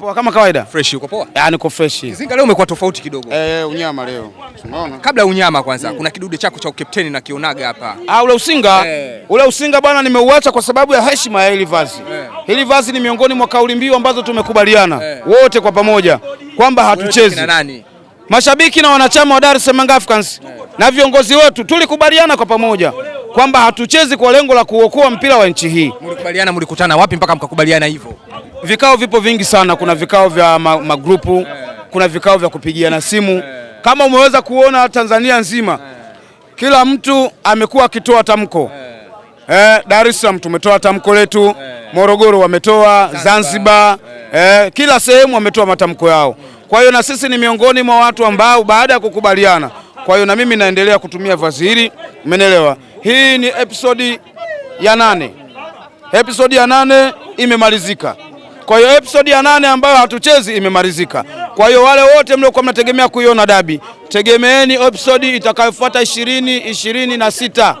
Poa kama kawaida. Fresh uko poa? Ya niko fresh. Kizinga leo umekuwa tofauti kidogo. Eh, unyama leo. Unaona? Kabla unyama kwanza Kuna kidude chako cha ukapteni na kionaga hapa. Ah, ule usinga. Eh. Ule usinga bwana nimeuacha kwa sababu ya heshima ya hili vazi. Eh. Hili vazi ni miongoni mwa kauli mbiu ambazo tumekubaliana eh, wote kwa pamoja kwamba hatuchezi. Na nani? Mashabiki na wanachama wa Dar es Salaam Africans eh, na viongozi wetu tulikubaliana kwa pamoja kwamba hatuchezi kwa lengo la kuokoa mpira wa nchi hii. Mlikubaliana, mlikutana wapi mpaka mkakubaliana hivyo? vikao vipo vingi sana. Kuna vikao vya magrupu, eh. kuna vikao vya kupigiana eh. simu. Kama umeweza kuona Tanzania nzima, eh. kila mtu amekuwa akitoa tamko. Eh, Dar es Salaam tumetoa tamko letu, Morogoro wametoa, Zanzibar, eh, kila sehemu wametoa matamko yao. Kwa hiyo na sisi ni miongoni mwa watu ambao baada ya kukubaliana, kwa hiyo na mimi naendelea kutumia vazi hili, umeelewa? Hii ni episodi ya nane, episodi ya nane imemalizika. Kwa hiyo episode ya nane ambayo hatuchezi imemalizika. Kwa hiyo wale wote mliokuwa mnategemea kuiona dabi, tegemeeni episode itakayofuata ishirini ishirini na sita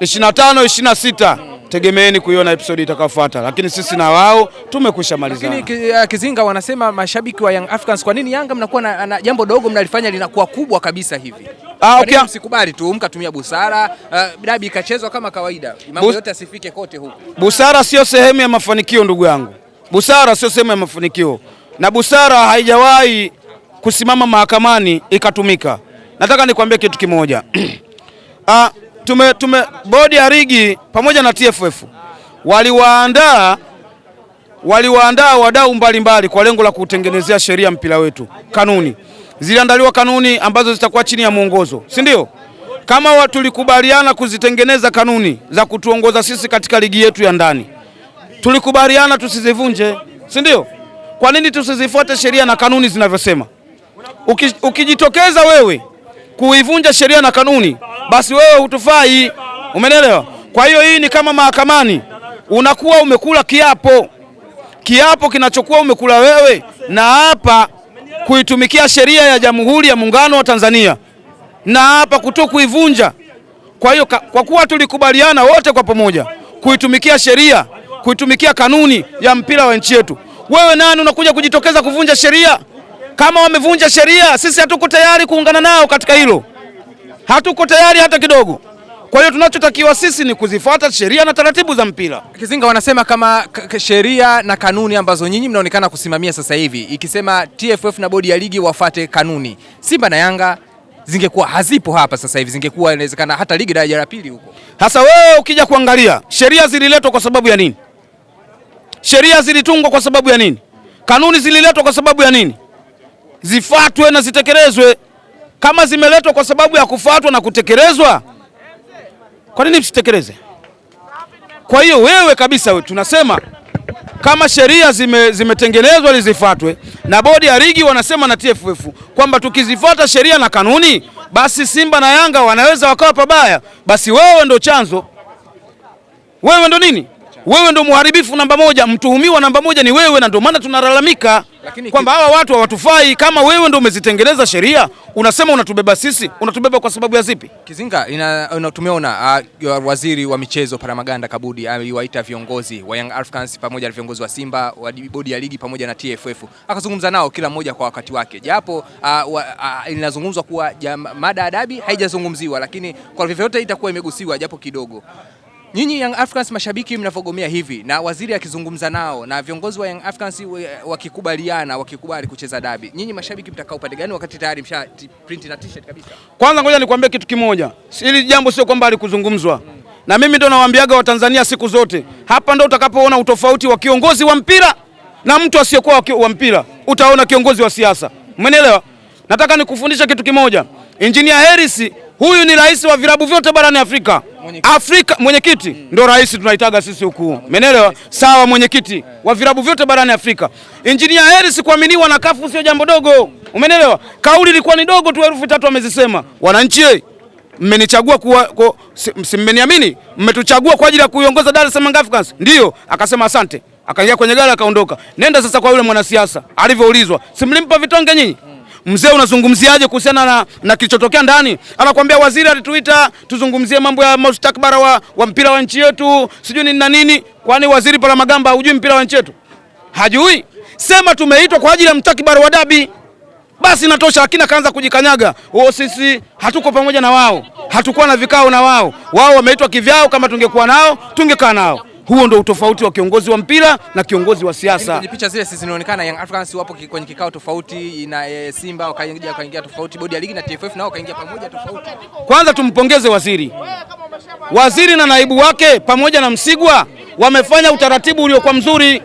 ishirini na tano ishirini na sita tegemeeni kuiona episode itakayofuata, lakini sisi na wao tumekwisha malizana. Lakini eh, Kizinga, wanasema mashabiki wa Young Africans, kwa nini Yanga mnakuwa na, na jambo dogo mnalifanya linakuwa kubwa kabisa hivi? Ah, okay. Msikubali tu mkatumia busara, uh, dabi ikachezwa kama kawaida, mambo yote asifike kote huku. Busara sio sehemu ya mafanikio ndugu yangu. Busara sio sehemu ya mafanikio, na busara haijawahi kusimama mahakamani ikatumika. Nataka nikwambie kitu kimoja. Ah, tume, tume bodi ya ligi pamoja na TFF waliwaandaa waliwaandaa wadau mbalimbali kwa lengo la kutengenezea sheria mpira wetu. Kanuni ziliandaliwa, kanuni ambazo zitakuwa chini ya mwongozo, si ndio? Kama watu tulikubaliana kuzitengeneza kanuni za kutuongoza sisi katika ligi yetu ya ndani tulikubaliana tusizivunje, si ndio? Kwa nini tusizifuate sheria na kanuni zinavyosema? Uki, ukijitokeza wewe kuivunja sheria na kanuni, basi wewe hutufai. Umenelewa? Kwa hiyo hii ni kama mahakamani, unakuwa umekula kiapo, kiapo kinachokuwa umekula wewe na hapa kuitumikia sheria ya Jamhuri ya Muungano wa Tanzania na hapa kuto kuivunja. Kwa hiyo kwa kuwa tulikubaliana wote kwa pamoja kuitumikia sheria kuitumikia kanuni ya mpira wa nchi yetu. Wewe nani unakuja kujitokeza kuvunja sheria? Kama wamevunja sheria, sisi hatuko tayari kuungana nao katika hilo, hatuko tayari hata kidogo. Kwa hiyo tunachotakiwa sisi ni kuzifuata sheria na taratibu za mpira. Kizinga wanasema kama sheria na kanuni ambazo nyinyi mnaonekana kusimamia sasa hivi, ikisema TFF na bodi ya ligi wafate kanuni, Simba na Yanga zingekuwa hazipo hapa sasa hivi, zingekuwa inawezekana hata ligi daraja la pili huko. Hasa wewe ukija kuangalia sheria zililetwa kwa sababu ya nini? Sheria zilitungwa kwa sababu ya nini? Kanuni zililetwa kwa sababu ya nini? Zifuatwe na zitekelezwe. Kama zimeletwa kwa sababu ya kufuatwa na kutekelezwa, kwa nini msitekeleze? Kwa hiyo wewe kabisa, we tunasema kama sheria zimetengenezwa zime lizifuatwe na bodi ya ligi wanasema na TFF kwamba tukizifuata sheria na kanuni, basi Simba na Yanga wanaweza wakawa pabaya. Basi wewe ndo chanzo, wewe ndo nini wewe ndo mharibifu namba moja, mtuhumiwa namba moja ni wewe, na ndio maana tunalalamika kwamba hawa watu hawatufai. Kama wewe ndo umezitengeneza sheria, unasema unatubeba sisi, unatubeba kwa sababu ya zipi? Kizinga, tumeona uh, ah, waziri wa michezo paramaganda Kabudi aliwaita uh, viongozi wa Young Africans pamoja na viongozi wa Simba wa bodi ya ligi pamoja na TFF, akazungumza nao kila mmoja kwa wakati wake, japo uh, uh, uh, inazungumzwa kuwa mada adabi haijazungumziwa, lakini kwa vyovyote itakuwa imegusiwa japo kidogo. Nyinyi Young Africans mashabiki mnavyogomea hivi na waziri akizungumza nao na viongozi wa Young Africans wakikubaliana wakikubali kucheza dabi, nyinyi mashabiki mtakao upande gani wakati tayari msha print na t-shirt kabisa? Kwanza ngoja nikwambie kitu kimoja, hili jambo sio kwamba alikuzungumzwa mm. na mimi ndo nawaambiaga Watanzania siku zote mm. hapa ndo utakapoona utofauti wa kiongozi wa mpira na mtu asiyekuwa wa mpira, utaona kiongozi wa siasa, umeelewa? Nataka nikufundisha kitu kimoja, Engineer Hersi Huyu ni rais wa vilabu vyote barani Afrika. Afrika mwenyekiti mm. Ndo rais tunahitaga sisi huku, umeelewa? Sawa, mwenyekiti wa vilabu vyote barani Afrika. Injinia Hersi kuaminiwa na kafu sio jambo dogo, umeelewa? Kauli ilikuwa ni dogo tu, herufi tatu amezisema. Wananchi mmenichagua kuwa mmeniamini, mmetuchagua kwa ajili ya kuiongoza Dar es Salaam Africans, ndio akasema asante, akaingia kwenye gari akaondoka. Nenda sasa kwa yule mwanasiasa, alivyoulizwa simlimpa vitonge nyinyi mzee, unazungumziaje kuhusiana na, na kilichotokea ndani? Anakuambia waziri alituita tuzungumzie mambo ya mustakbara wa, wa mpira wa nchi yetu sijui nini na nini. Kwani waziri Palamagamba hujui mpira wa nchi yetu? Hajui? Sema tumeitwa kwa ajili ya mustakabara wa dabi, basi natosha. Lakini akaanza kujikanyaga, oh, sisi hatuko pamoja na wao, hatukuwa na vikao na wao, wao wameitwa kivyao. Kama tungekuwa nao tungekaa nao. Huo ndo utofauti wa kiongozi wa mpira na kiongozi wa siasa. Yaani picha zile zinaonekana Young Africans wapo kwenye kikao tofauti na e, Simba wakaingia wakaingia tofauti, bodi ya ligi na TFF nao wakaingia pamoja tofauti. Kwanza tumpongeze waziri, waziri na naibu wake pamoja na Msigwa wamefanya utaratibu uliokuwa mzuri.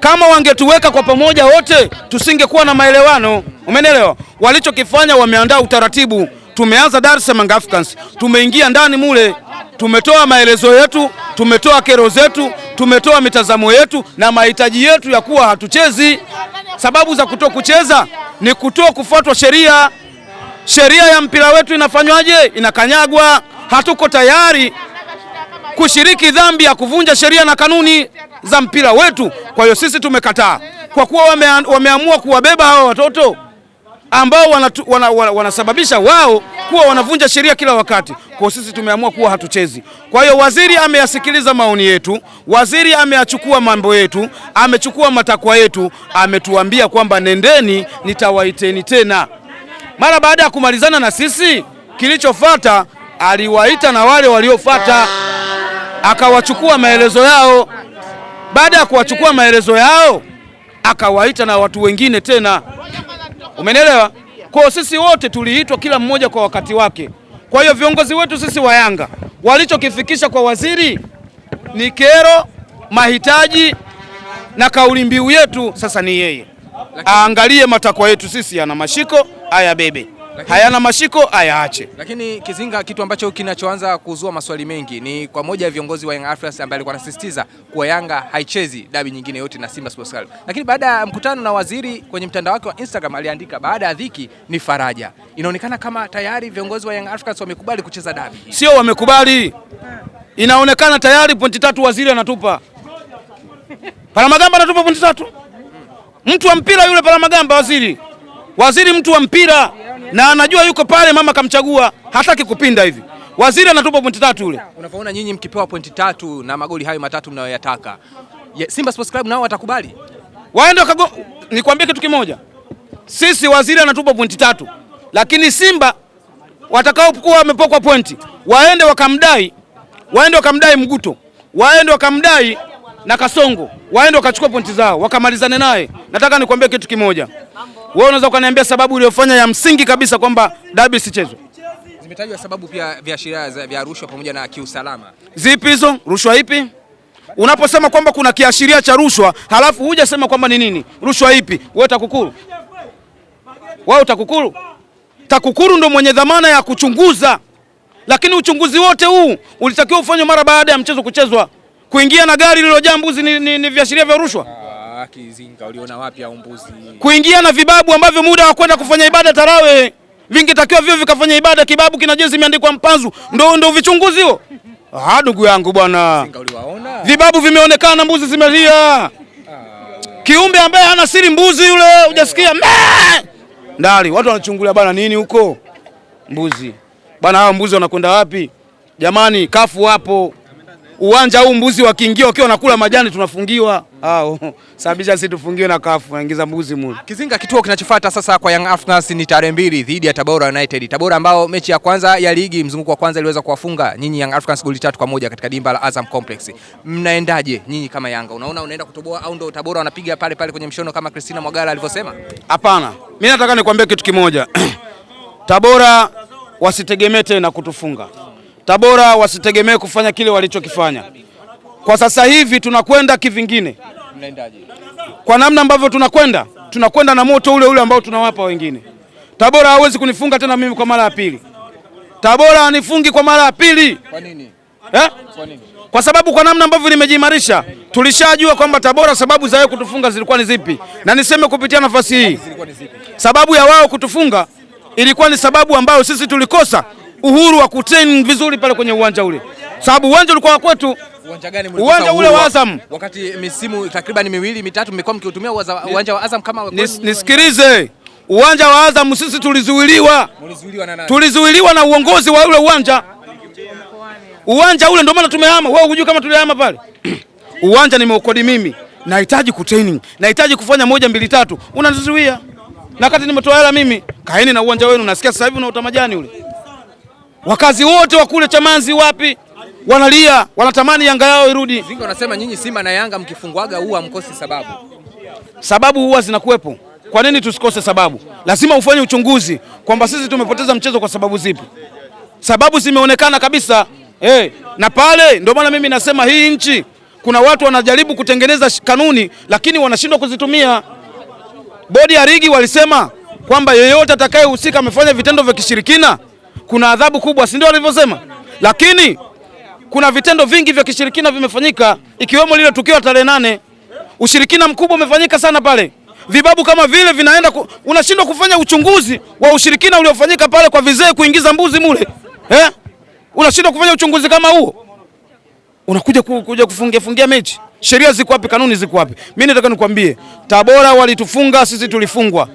Kama wangetuweka kwa pamoja wote, tusingekuwa na maelewano. Umeelewa? Walichokifanya wameandaa utaratibu. Tumeanza Dar es Salaam Africans, tumeingia ndani mule Tumetoa maelezo yetu, tumetoa kero zetu, tumetoa mitazamo yetu na mahitaji yetu ya kuwa hatuchezi. Sababu za kuto kucheza ni kuto kufuatwa sheria. Sheria ya mpira wetu inafanywaje? Inakanyagwa. Hatuko tayari kushiriki dhambi ya kuvunja sheria na kanuni za mpira wetu. Kwa hiyo sisi tumekataa, kwa kuwa wame, wameamua kuwabeba hawa watoto ambao wanasababisha wana, wana, wana wao kuwa wanavunja sheria kila wakati. Kwa sisi tumeamua kuwa hatuchezi. Kwa hiyo waziri ameyasikiliza maoni yetu, waziri ameyachukua mambo yetu, amechukua matakwa yetu, ametuambia kwamba nendeni, nitawaiteni tena. Mara baada ya kumalizana na sisi, kilichofuata aliwaita na wale waliofuata, akawachukua maelezo yao. Baada ya kuwachukua maelezo yao, akawaita na watu wengine tena, umenielewa? Kwa sisi wote tuliitwa kila mmoja kwa wakati wake. Kwa hiyo viongozi wetu sisi wa Yanga walichokifikisha kwa waziri ni kero, mahitaji na kauli mbiu yetu sasa ni yeye. Aangalie matakwa yetu sisi, yana mashiko haya bebe lakini, hayana mashiko ayaache. Lakini Kizinga, kitu ambacho kinachoanza kuzua maswali mengi ni kwa moja ya viongozi wa Young Africans ambaye alikuwa anasisitiza kuwa Yanga haichezi dabi nyingine yote na Simba Sports Club, lakini baada ya mkutano na waziri kwenye mtandao wake wa Instagram aliandika, baada ya dhiki ni faraja. Inaonekana kama tayari viongozi wa Young Africans wamekubali kucheza dabi, sio wamekubali, inaonekana tayari pointi tatu waziri anatupa Palamagamba anatupa pointi tatu, mtu wa mpira yule Palamagamba, waziri waziri, mtu wa mpira na anajua yuko pale, mama kamchagua, hataki kupinda hivi. Waziri anatupa pointi tatu ule. Unafaona nyinyi mkipewa pointi tatu na magoli hayo matatu mnayoyataka, Simba Sports Club nao watakubali? Waende wakago... nikwambie kitu kimoja, sisi waziri anatupa pointi tatu, lakini Simba watakaokuwa wamepokwa pointi waende wakamdai, waende wakamdai Mguto, waende wakamdai na Kasongo, waende wakachukua pointi zao wakamalizane naye. Nataka nikwambie kitu kimoja, wewe unaweza ukaniambia sababu iliyofanya ya msingi kabisa kwamba dabi sichezwe? Zimetajwa sababu pia viashiria vya rushwa pamoja na kiusalama. Zipi hizo? Rushwa ipi? Unaposema kwamba kuna kiashiria cha rushwa halafu hujasema kwamba ni nini rushwa ipi? Wewe TAKUKURU, wewe TAKUKURU, TAKUKURU ndo mwenye dhamana ya kuchunguza, lakini uchunguzi wote huu ulitakiwa ufanywe mara baada ya mchezo kuchezwa. Kuingia na gari lililojaa mbuzi ni, ni, ni viashiria vya rushwa haki uliona wapi au mbuzi kuingia na vibabu ambavyo muda wa kwenda kufanya ibada tarawe vingetakiwa vio vikafanya ibada. Kibabu kina jezi imeandikwa mpanzu, ndo ndo vichunguzi huo. Ah, ndugu yangu bwana, vibabu vimeonekana, mbuzi zimelia. Ah. Kiumbe ambaye hana siri, mbuzi yule, hujasikia ndali watu wanachungulia bana nini huko mbuzi bana. Hao mbuzi wanakwenda wapi jamani? Kafu hapo uwanja huu mbuzi wakiingia wakiwa nakula majani tunafungiwa. Au sababisha sisi tufungiwe na kafu naingiza mbuzi mule. Kizinga, kituo kinachofuata sasa kwa Young Africans ni tarehe mbili dhidi ya Tabora United. Tabora ambao mechi ya kwanza ya ligi mzunguko wa kwanza iliweza kuwafunga nyinyi Young Africans goli tatu kwa moja katika dimba la Azam Complex. Mnaendaje nyinyi kama Yanga? Unaona unaenda kutoboa au ndio Tabora wanapiga pale pale kwenye mshono kama Christina Mwagala alivyosema? Hapana. Mimi nataka nikwambie kitu kimoja. Tabora wasitegemee tena kutufunga. Tabora wasitegemee kufanya kile walichokifanya kwa sasa hivi. Tunakwenda kivingine kwa namna ambavyo tunakwenda, tunakwenda na moto ule ule ambao tunawapa wengine. Tabora hawezi kunifunga tena mimi kwa mara ya pili. Tabora anifungi kwa mara ya pili. Kwa nini? Eh? Kwa nini? Kwa sababu kwa namna ambavyo nimejiimarisha tulishajua kwamba Tabora sababu za wao kutufunga zilikuwa ni zipi, na niseme kupitia nafasi hii sababu ya wao kutufunga ilikuwa ni sababu ambayo sisi tulikosa uhuru wa kutrain vizuri pale kwenye uwanja ule, sababu uwanja ulikuwa wa kwetu. Uwanja gani? Uwanja ule wa Azam. Wakati misimu takriban miwili mitatu mmekuwa mkiutumia uwanja wa Azam kama nis, nisikilize uwanja wa Azam sisi tulizuiliwa, tulizuiliwa na uongozi wa ule uwanja. Uwanja ule ndio maana tumehama. Wewe unajua kama tulihama pale? uwanja nimeukodi mimi, nahitaji ku training, nahitaji kufanya moja mbili tatu, unanizuia na kati nimetoa hela mimi. Kaeni na uwanja wenu, nasikia sasa hivi una utamajani ule Wakazi wote wa kule Chamanzi wapi wanalia, wanatamani Yanga yao irudi. Zingo anasema nyinyi Simba na Yanga mkifungwaga huwa mkosi sababu. Sababu huwa zinakuwepo. Kwa nini tusikose sababu? Lazima ufanye uchunguzi kwamba sisi tumepoteza mchezo kwa sababu zipi. Sababu zimeonekana kabisa. Hey, eh, na pale ndio maana mimi nasema hii nchi kuna watu wanajaribu kutengeneza kanuni lakini wanashindwa kuzitumia. Bodi ya ligi walisema kwamba yeyote atakayehusika amefanya vitendo vya kishirikina kuna adhabu kubwa, si ndio walivyosema? Lakini kuna vitendo vingi vya kishirikina vimefanyika, ikiwemo lile tukio la tarehe nane. Ushirikina mkubwa umefanyika sana pale, vibabu kama vile vinaenda ku... unashindwa kufanya uchunguzi wa ushirikina uliofanyika pale kwa vizee kuingiza mbuzi mule eh? Unashindwa kufanya uchunguzi kama huo, unakuja kuja kufungia fungia mechi. Sheria ziko wapi? Kanuni ziko wapi? Mimi nataka nikwambie, Tabora walitufunga sisi, tulifungwa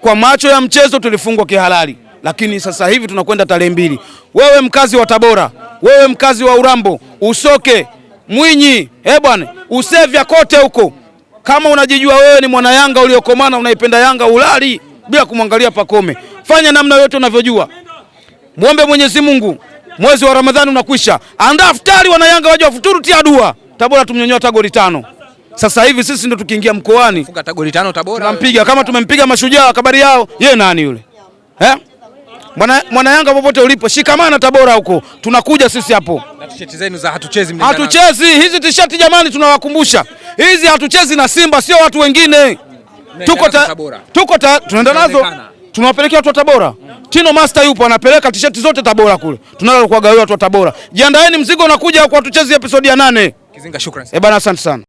kwa macho ya mchezo, tulifungwa kihalali lakini sasa hivi tunakwenda tarehe mbili. Wewe mkazi wa Tabora, wewe mkazi wa Urambo, Usoke, Mwinyi, eh bwana, Usevya, kote huko, kama unajijua wewe ni mwana Yanga uliokomana, unaipenda Yanga, ulali bila kumwangalia Pakome. Fanya namna yote unavyojua, mwombe Mwenyezi Mungu. Mwezi wa Ramadhani unakwisha, andaa futari, wana Yanga waje wafuturu, tia dua. Tabora tumnyonyoa tagoli tano. Sasa hivi sisi ndo tukiingia mkoani, funga tano Tabora, tunampiga kama tumempiga Mashujaa. Kabari yao yeye nani yule eh? Mwana, mwana Yanga popote ulipo, shikamana Tabora huko, tunakuja sisi hapo. Na tisheti zenu za hatuchezi, hatuchezi hizi tisheti jamani, tunawakumbusha hizi hatuchezi na Simba, sio watu wengine. Tuko ta, tuko ta, tunaenda nazo tunawapelekea watu wa Tabora. Tino Master yupo anapeleka tisheti zote Tabora kule, tunalo kuwagawia watu wa Tabora. Jiandaeni, mzigo unakuja kwa hatuchezi episodi ya nane. Kizinga, shukrani. Eh bana, asante sana.